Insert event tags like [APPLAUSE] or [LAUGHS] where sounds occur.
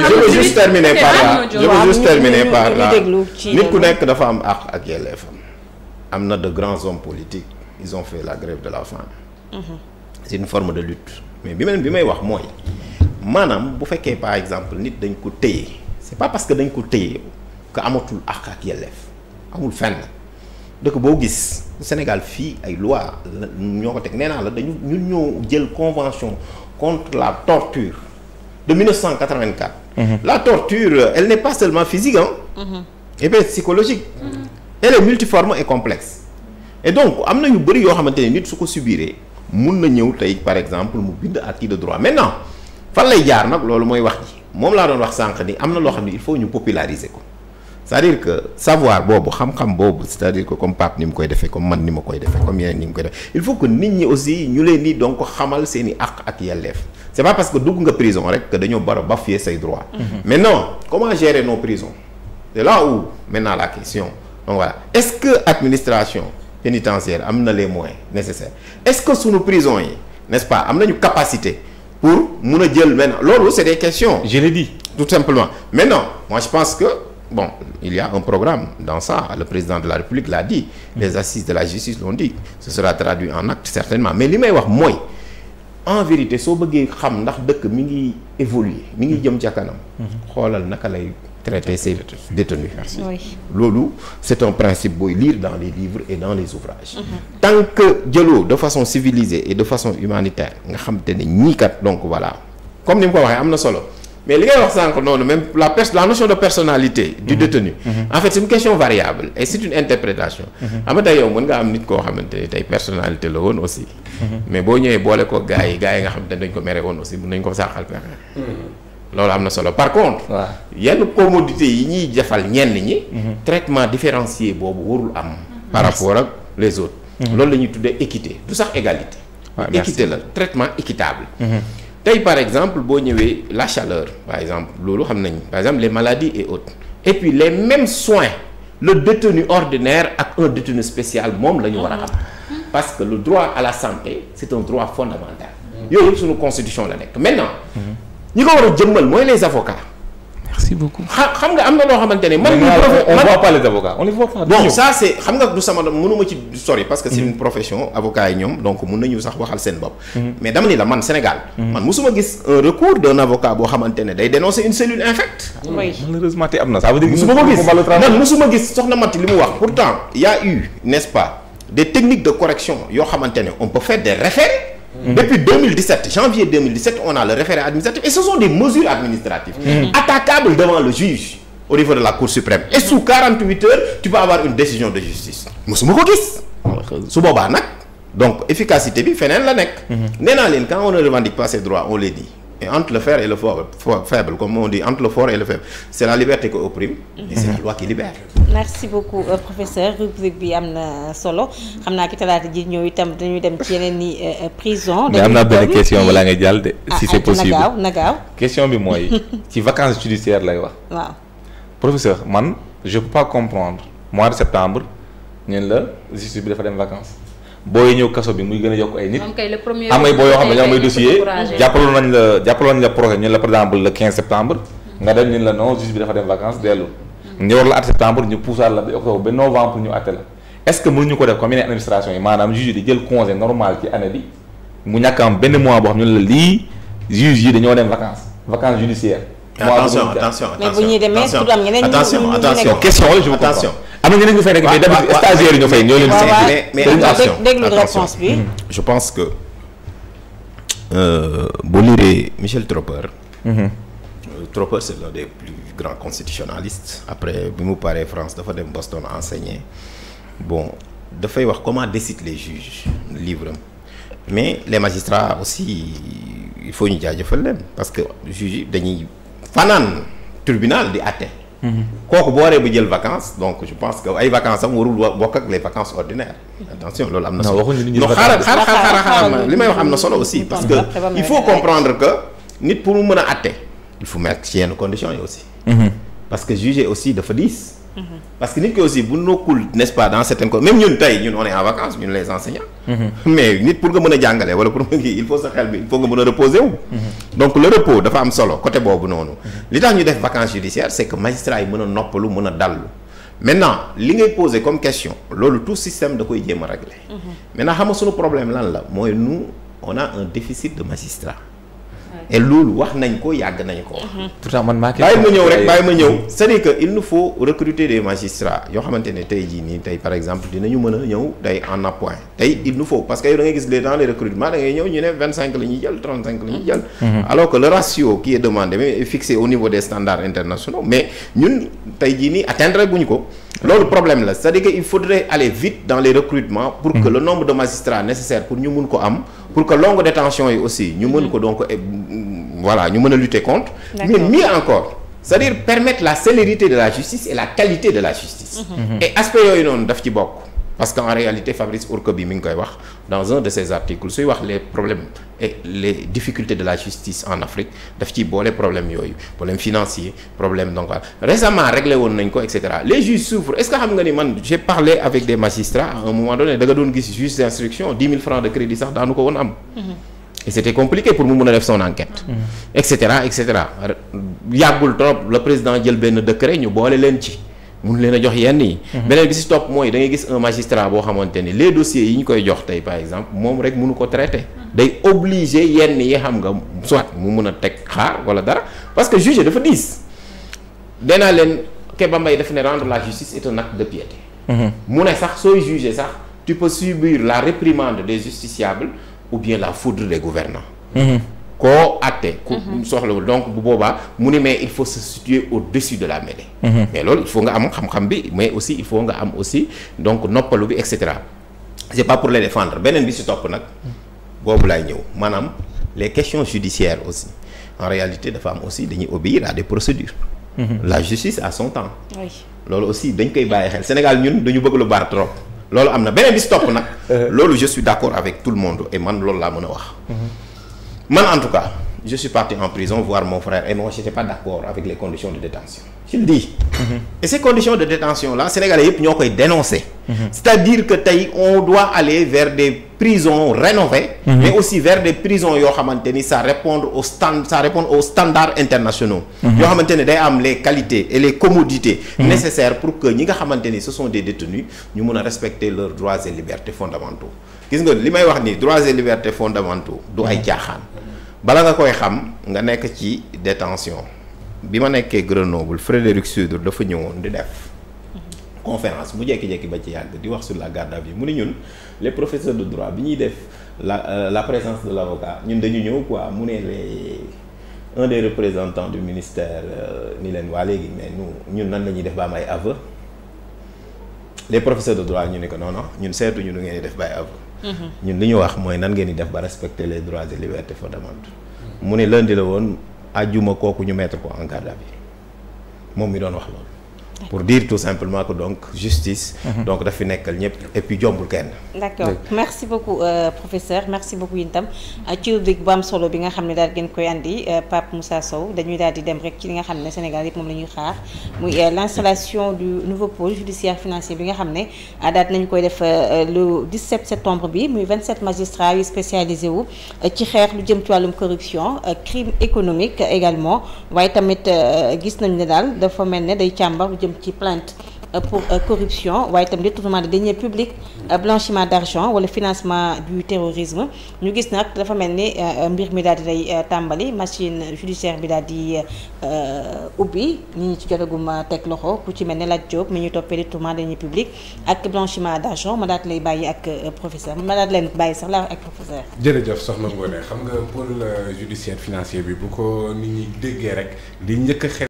je veux juste terminer par là nit ku nekk dafa am ak yelleefam am na de grands hommes politique ils ont fait la grève de la faim mhm. c'est une forme de lutte mais bi mel bi may wax mooy maanaam bu fekkee par exemple nit dañ ko téye c'est pas parce que dañ ko téye que amatul àq ak yelleef amul fenn dëkk boo gis Sénégal fii ay loi ñoo ko teg nee naa la dañu ñun ñoo jël convention contre la torture de Mhm. la torture elle n'est pas seulement physique hein mhm. et eh bien psychologique mhm. elle est multiforme et complexe et donc am na yu bëri yoo xamante ne nit su ko subiree mun na ñëw tey par exemple mu bind acquis de droit maintenant fan lay jaar nag loolu mooy wax ji moom laa doon wax sànq ni am na loo xam ne il faut ñu populariser ko c'est-à-dire que savoir boobu xam-xam boobu c'est-à-dire que comme Pape ni mu koy defee comme man ni ma koy defee comme yeneen ni mu koy defee il faut que nit ñi aussi ñu leen ni donc xamal seen i ak yelleef c'est pas parce que dugg nga prison rek dañoo bar a bafouer say droits. Mm-hmm. Mm-hmm. maintenant comment gérer nos prisons c'est là où maintenant la question donc voilà est-ce que administration pénitentiaire am na les moyens nécessaires est-ce que sunu prison yi n'est-ce pas am nañu capacité pour mun a jël maintenant loolu c'est des questions. je l'ai dit bon il y a un programme dans ça le président de la République l'a dit les mm. assises de la justice l'ont dit ce sera traduit en acte certainement mais li may wax mooy en vérité soo bëggee xam ndax dëkk mi ngi évoluer mi ngi jëm ca kanam mm-hmm. xoolal naka lay traiter ces détenus loolu c'est un principe booy lire dans les livres et dans les ouvrages mm-hmm. tant que jëloo de façon civilisée et de façon humanitaire nga xam te ne ñii kat donc voilà comme ni mu ko waxee am na solo mais li ngay wax sànq noonu même la pers la notion de personnalité du mhm. détenu mhm. en fait c'est une question variable et c'est interprétation mhm. ama yow mën nga am nit koo xamante ni tey personnalité la woon aussi mais boo ñëwee boole ko gars yi gars yi nga xamante ne dañ ko mere woon aussi mën nañ ko sàqal pexe loolu am na solo par contre yenn commodité yi ñuy defal ñenn ñi traitement différencié boobu warul am par rapport ak les autres loolu la ñuy tuddee équité du sax égalité équité traitement équitable tey par exemple boo ñëwee la chaleur par exemple loolu xam nañ par exemple les maladies et autres et puis les mêmes soins le détenu ordinaire ak un détenu spécial moom la war a am parce que le droit à la santé c'est un droit fondamental mm. yooyu yëpp suñu constitution la nekk maintenant ñi ko war a jëmmal mooy les avocats merci xam nga am na loo xamante ne. man on voit pas les avocats on les voit xam nga du sama mënu ma ci sori parce que c'est mm-hmm. une profession avocat yi ñoom donc mun nañu sax waxal seen bopp. Mm-hmm. mais dama ni la man Sénégal. Mm-hmm. man musuma gis un recours d'un avocat boo xamante ne day dénoncer une cellule infecte. oui malheureusement te man musuma gis soxna Mati li mu wax pourtant y a eu n'est-ce pas des techniques de correction yoo xamante ne on peut faire des référés. Mm-hmm. depuis 2017 janvier 2017 on a le référé administratif et ce sont des mesures administratives mm-hmm. attaquables devant le juge au niveau de la cour suprême et sous heures tu peux avoir une décision de justice mosuma ko gis su boobaa nag donc efficacité bi feneen la nekk mm-hmm. nee naa leen quand on ne revendique pas ses droits on les dit Et entre le fer et le fort, faible, comme on dit, entre le fort et le faible, c'est la liberté qui opprime et c'est la mhm. loi euh, na solo xam naa ki talaata ji ñëw itam dañuy dem ci yeneen i euh, euh, prison. mais am naa benn question balaa ngay jàll de. Ah, si ah, c'est possible ah na question bi mooy [LAUGHS] ci vacances judiciaires lay wax. waaw professeur man je peux pas comprendre mois de septembre ñeen la justice bi dafa dem vacances. booy ñëw kaso bi muy gën a yokk ay nit. am yoo xam ne ñoo am dossier jàppaloon nañ la jàppaloon la procès ñu la par exemple le 15 septembre. nga dem ñu la non juge bi dafa dem vacances dellu. Mm. ñu war la at septembre ñu poussaat la ba octobre ba novembre ñu atte la est-ce que mënuñu ko def comme yeneen administration yi maanaam juge di jël congé normal ci année bi mu ñàkk am benn mois boo xam ne la lii juge yi dañoo dem vacances vacances judiciaires. am na ñeneen ñu fay rek mais d'habitude stagiaires yi ñoo fay ñoo leen. mais mais attention déglu je pense que euh, boo liree Michel Tropper. Mhm. Euh, Tropper c'est l'un des plus grands constitutionnalistes. après bi mu paree France dafa dem Boston enseigner bon dafay wax comment décident les juges livre mais les magistrats aussi il faut ñu jaajëfal leen parce que juges yi dañuy fanaan tribunal di àtte. Mm-hmm. kooku boo waree bu jël vacances donc je pense que ay vacances am warul bokk ak les vacances ordinaires. attention loolu am na solo non xaaral xaaral xaaral xaaral li may wax am na solo aussi. parce que il faut comprendre que nit pour mu mën a àtte il faut mettre ci yenn conditions yi aussi. Mm-hmm. parce que juger aussi dafa diis. Mhm. parce que nit ki aussi bu nokkul nest pas dans certaines causes même ñun tey ñun on en vacances ñun les mhm. a [LAUGHS] sa xel bi il faut nga mën a reposer mhm. donc le repos dafa am solo côté boobu noonu. li tax ñu def vacances judiciaires c'est que magistrats yi mën a noppalu mën a dallu. maintenant li ngay poser comme question loolu tout système da koy jéem a régler. maintenant xam sunu problème lan la mooy nous on a un déficit de magistrats. et loolu wax nañ ko yàgg nañ ko. pourtant mhm. ma ñëw rek euh, ma ñëw. cest à que il nous faut recruter des magistrats yoo xamante ne tey jii nii tey par exemple dinañu mën a ñëw day en appoint tey il nous faut parce que yow da gis les dans les recrutements da ñëw ñu ne vingt cinq la ñuy jël trente cinq la ñuy jël. Mhm. alors que le ratio qui est mais est au niveau des standards internationaux mais ñun tey jii nii atteindre guñu ko. loolu problème la cest à que il faudrait pour que longue détention yi aussi ñu mën ko donc eh, voilà ñu mën a lutter contre mais mieux encore cest dire permettre la célérité de la justice et la qualité de la justice mhm. et aspect yooyu noonu daf ci bokk parce qu'en réalité Fabrice Ourkobi mi ngi koy wax dans un de ses articles suy wax les problèmes et les de la justice en Afrique daf ciy boole problème yooyu problème financier problème donc récemment réglé woon nañ ko et cetera les juges souffrent que xam nga ni man j'ai parlé avec des magistrats à moment donné da doon gis juge d'instruction dix mille francs de crédit sax daanu ko woon am mm-hmm. et c'était compliqué pour mu mën a def son enquête mm-hmm. et cetera et yàggul trop le président jël benn décret mun leen a jox yenn yi. beneen bi si topp mooy dangay gis un magistrat boo xamante ni le dossiers yi ñu koy jox tey par exemple moom rek mënu ko traiter. day obligé yenn yi xam nga soit mu mun a teg xaar wala dara parce que juger dafa diis. danaa leen Kéba Mbaye daf ne rendre la justice est un acte de piété. Mhm. mu ne sax sooy juger sax tu peux subir la réprimande de justiciables ou bien la foudre des gouvernants. Mhm. koo àtte ku soxlawul donc bu boobaa mu ni mais il faut se situer au-dessus de la mêlée mhm. mais loolu il faut nga am xam-xam bi mais aussi il faut nga am aussi donc noppalu bi et cetera c'est pas pour les défendre beneen bi si topp nag boobu laay ñëw maanaam les questions judiciaires aussi en réalité dafa am aussi dañuy obéir à des procédures mhm. la justice a son temps loolu aussi dañ koy bàyyi xel Sénégal ñun dañu bëgg lu baax trop loolu am na beneen bi si topp euh. loolu je suis d'accord tout le monde man loolu laa mën a wax mhm. man en tout cas je suis parti en prison voir mon frère et moi j'étais pas d'accord avec les conditions de détention je mhm. et ces conditions de détention là sénégalais yëpp ñoo koy dénoncer mhm. c'est-à-dire que tey on doit aller vers des prisons rénovées mhm. mais aussi vers des prisons yoo xamante ni ça répondre au stand ça internationaux yoo xamante ne day am les qualités et les commodités mm -hmm. nécessaires pour que ñi nga xamante ni ce sont des détenus ñu bala nga koy xam nga nekk ci détention bi ma nekkee Grenoble Frédéric Sudre dafa ñëwoon di def conférence mu jékki-jékki ba ci yàgg di wax sur la garde à vue mu ne ñun les professeurs de droit bi ñuy def la euh, la présence de l' ñun dañu ñëw quoi mu ne les un des représentant du ministère euh, ni leen waa léegi mais nu ñun nan la ñuy def ba am ay aveux les de droit ñu ni ko non non ñun seetuñu nu ngeen di def ba ay ñun li ñu wax mooy nan ngeen di def ba respecter les droits de libertés fondamentaux mu ne lundi la woon àjjuma kooku ñu mettre ko en garde moom mi doon wax loolu pour dire tout simplement que donc justice. Mhm. donc daf fi nekkal ñëpp et puis jombul kenn. d'accord merci beaucoup euh, professeur merci beaucoup yéen itam euh, ci bi bu am solo bi nga xam ne daal ngeen koy andi euh, Pape Moussa Sow dañuy daal di dem rek ci li nga xam ne Sénégal yëpp moom la ñuy xaar muy euh, l'installation du nouveau pôle judiciaire financier bi nga xam ne adaat nañu koy def le 17 septembre bi muy 27 magistrats yu spécialisé wu ci xeex lu jëm ci wàllum corruption crime économique également waaye tamit gis nañu ne daal dafa mel ne day càmbar. jëm ci plainte euh, pour euh, corruption waaye itam détournement de deniers publics euh, blanchiment d'argent wala financement du terrorisme ñu gis nag dafa mel ni mbir mi daal di lay tàmbali machine judiciaire bi daal di ubbi ñi ñu ci jotagum teg loxo ku ci mel ne Lat mi ñu toppee détournement de deniers publics ak blanchiment d'argent ma daal di lay bàyyi ak professeur ma daal leen bàyyi sax laa ak professeur jërëjëf soxna Ngoné xam nga pôle judiciaire financier bi